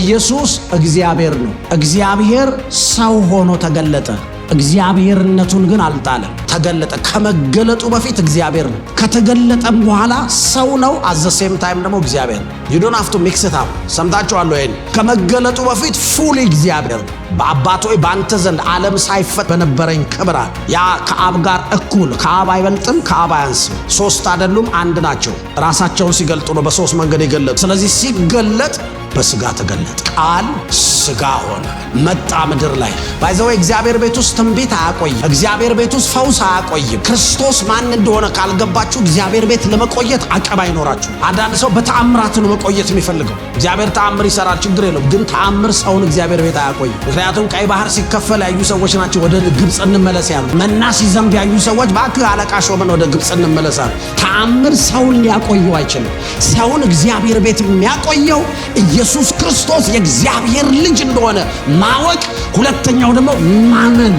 ኢየሱስ እግዚአብሔር ነው። እግዚአብሔር ሰው ሆኖ ተገለጠ። እግዚአብሔርነቱን ግን አልጣለም፣ ተገለጠ። ከመገለጡ በፊት እግዚአብሔር ነው። ከተገለጠም በኋላ ሰው ነው። አዘሴም ታይም ደግሞ እግዚአብሔር ነው። ዩዶን ሀፍቱ ሚክስት አፕ ሰምታችኋለሁ። ከመገለጡ በፊት ፉል እግዚአብሔር ነው። በአባቶ በአንተ ዘንድ ዓለም ሳይፈጥ በነበረኝ ክብር አለ። ያ ከአብ ጋር እኩል ከአብ አይበልጥም፣ ከአብ አያንስም። ሶስት አይደሉም፣ አንድ ናቸው። ራሳቸውን ሲገልጡ ነው። በሶስት መንገድ የገለጡ ስለዚህ ሲገለጥ በስጋ ተገለጠ። ቃል ስጋ ሆነ መጣ ምድር ላይ ባይዘው እግዚአብሔር ቤት ውስጥ ትንቢት አያቆይም። እግዚአብሔር ቤት ውስጥ ፈውስ አያቆይም። ክርስቶስ ማን እንደሆነ ካልገባችሁ እግዚአብሔር ቤት ለመቆየት አቅም አይኖራችሁ። አንዳንድ ሰው በተአምራት ነው መቆየት የሚፈልገው። እግዚአብሔር ተአምር ይሰራል፣ ችግር የለው። ግን ተአምር ሰውን እግዚአብሔር ቤት አያቆይም። ምክንያቱም ቀይ ባህር ሲከፈል ያዩ ሰዎች ናቸው ወደ ግብፅ እንመለስ ያሉ። መና ሲዘንብ ያዩ ሰዎች በአክ አለቃ ሾመን ወደ ግብፅ እንመለስ አሉ። ተአምር ሰውን ሊያቆየው አይችልም። ሰውን እግዚአብሔር ቤት የሚያቆየው ኢየሱስ ክርስቶስ የእግዚአብሔር ልጅ ልጅ እንደሆነ ማወቅ፣ ሁለተኛው ደግሞ ማመን